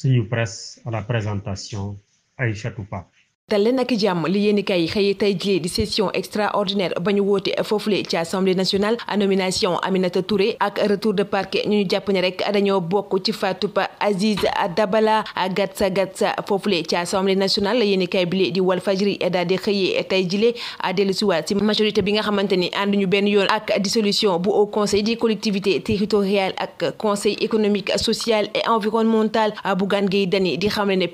suñu presse à la présentation Aïchatou Ba dalleen ak jàmm li yéen i kay xëy tey jii di session extraordinaire ba ñu woote foofule ci assemblée nationale à nomination Aminata Touré ak retour de parquet ñu ñu jàpp ne rek dañoo bokk ci faatup Aziz Dabala gatsa gatsa foofule ci assemblée national yéen i kay bile di Walfadjri daal di xëyee tey jile dellusiwaat si majorité bi nga xamante ni ànd ñu benn yoon ak dissolution bu au conseil des collectivités territoriales ak conseil économique social et environnemental Bougane Gueye di xam ne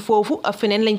foofu feneen lañ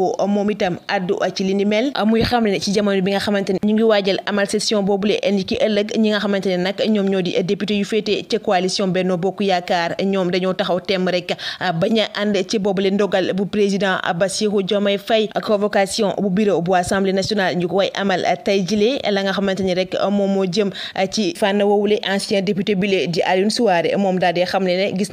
Sonko moom itam addu ci li mel muy xam ne ci jamono bi nga xamante ne ñu ngi waajal amal session boobule ni ki ëllëg ñi nga xamante ne nag ñoom ñoo di député yu féete ci coalition a ànd ci bu président Bassirou Diomaye Faye convocation bu bureau bu assemblée nationale ñu ni rek moom moo jëm ci fànn woowule ancien député bile di Alioune Souaré moom daal di xam ne ne gis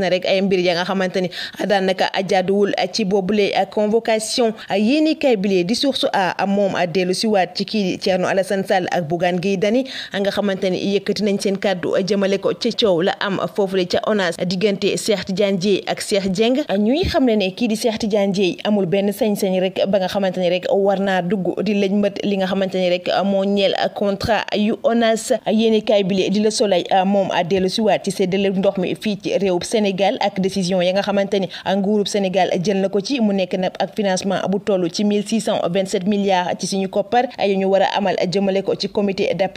convocation yéeni kay bilee di source a moom a dellu si waat ci kii Thierno Alassane Sall ak Bougane Gueye Dany nga xamante ni yëkkati nañ seen kàddu jëmale ko ca coow la am foofule ca ONAS diggante Cheikh Tidiane Dièye ak Cheikh Dieng ñuy xam ne ne kii di Cheikh Tidiane Dièye amul benn sañ rek ba nga xamante ni rek war naa dugg di lëj li nga xamante ni rek moo ñeel contrat yu ONAS yéeni kay bilee di la Soleil moom a dellu si ci séddale ndox mi fii ci réewub Sénégal ak décision ya nga xamante ni nguurub Sénégal jël na ko ci mu nekk na ak financement bu toll ci mille six cent vingt sept milliards ci suñu koppar yu ñu war a jëmale ko ci comité d'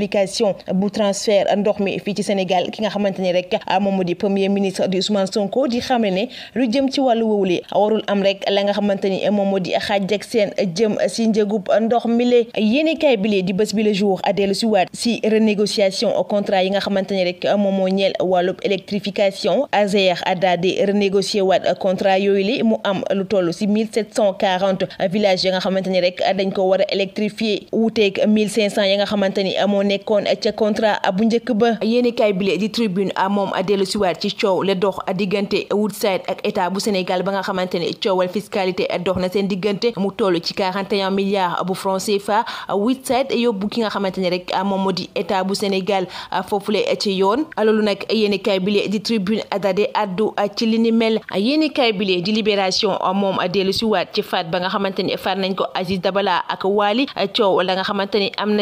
bu transfert ndox mi fii ci Sénégal ki nga xamante ni rek ah, moom moo di premier ministre di Ousmane Sonko di xam ne lu jëm ci wàllu wowule warul am rek la nga xamante ni moom moo di xaaj ak seen jëm si njëgub ndox mi le yéene kaay bi le di bés bi le jour dellu si waat si renégociation contrat yi nga xamante ni rek moom moo ñeel wàllub électrification ASER a daal di renégocier waat contra yooyu li mu am lu toll si Euh, village ya nga xamante ni rek dañ ko war a électrifier wuuteeg 1500 ya nga xamante ni euh, moo nekkoon euh, ca contrat bu njëkk ba yéenekaay bile di tribune a dellu dox ba nga xamante ni coowal fiscalité dox na seen diggante mu toll ci 41 milliards bu franc CFA Woodside yóbbu ki nga xamante ni rek moom moo di état bu Sénégal foofule ci yoon loolu nag yéenekaay bile di tribune dade addu ci li ni mel yéenekaay bile di libération moom dellu siwaat ci faat xamante ni far nañ ko Aziz am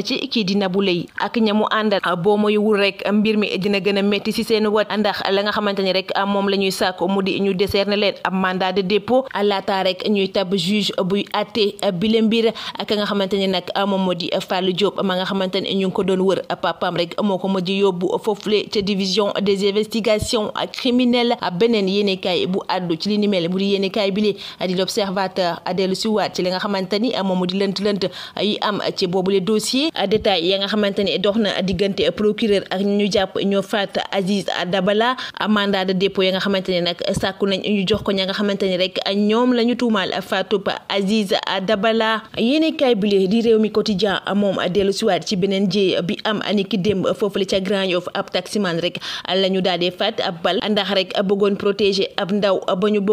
di Nabou Leye ak ñamu àndal boo mooy wul mi dina gën a métti si seen wat ndax la nga xamante ni rek moom la ñuy sàkk mu di ñu décerner leen ab mandat de dépôt laataa rek ñuy tab juge buy àtte bile mbir ak nga xamante ni nag moom moo di Fallou Diop ma nga xamante ni ñu ngi ko doon wër papam rek moo ko mujj yóbbu foofule ca division des investigations criminelles beneen yéenekaay bu àddu ci li ni mel mu di a bile di l'observateur dellu dellusiwaat ci li nga xamante ni moomu di lënt lënt yi am ci boobule dossier détail ya nga xamante ni dox na diggante procureur ak ñu jàpp ñoo faat Aziz Dabala mandat de dépôt ya nga xamante ni a sàkku nañ ñu jox ko ña nga xamante ni rek ñoom la ñu tuumaal faatub Aziz Dabala yéene kaay bile di réew mi quotidien moom dellusiwaat ci beneen jéey bi am aniki démb foofule ca Grand Yoff ab taximan rek a ñu daal di faat ab bal ndax rek bëggoon protéger ab ndaw ba ñu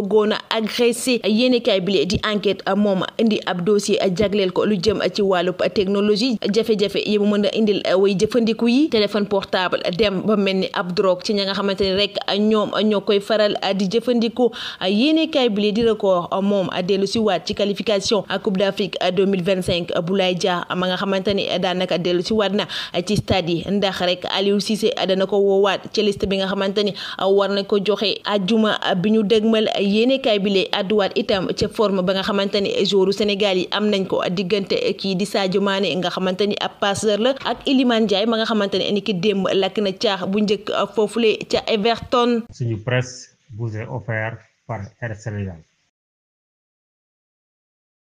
a moom indi ab dossier jagleel ko lu jëm ci wàllub technologie jafe-jafe yi mu mën a indil way jëfandiku yi téléphone portable dem ba mel ni ab drogue ci ña nga xamante ni rek ñoom ñoo koy faral di jëfandiku yéenekaay bi di record moom dellu si waat ci qualification Coupe d'Afrique 2025 Boulaye Dia ma nga xamante ni daanaka dellu si waat na ci stade yi ndax rek Aliou Cissé dana ko woowaat ci liste bi nga xamante ni war na ko joxe ajuma bi ñu dëgmal yéenekaay bi lee àdduwaat itam ca forme ba nga xamante ni joueur Sénégal yi am nañ ko a diggante kii di Sadio Mané nga xamante ni ab passeur la ak Iliman Ndiaye ma nga xamante ne ni ki démb lakk na caax bu njëkk foofule ca Everton. suñu presse vous est offert par Air Sénégal.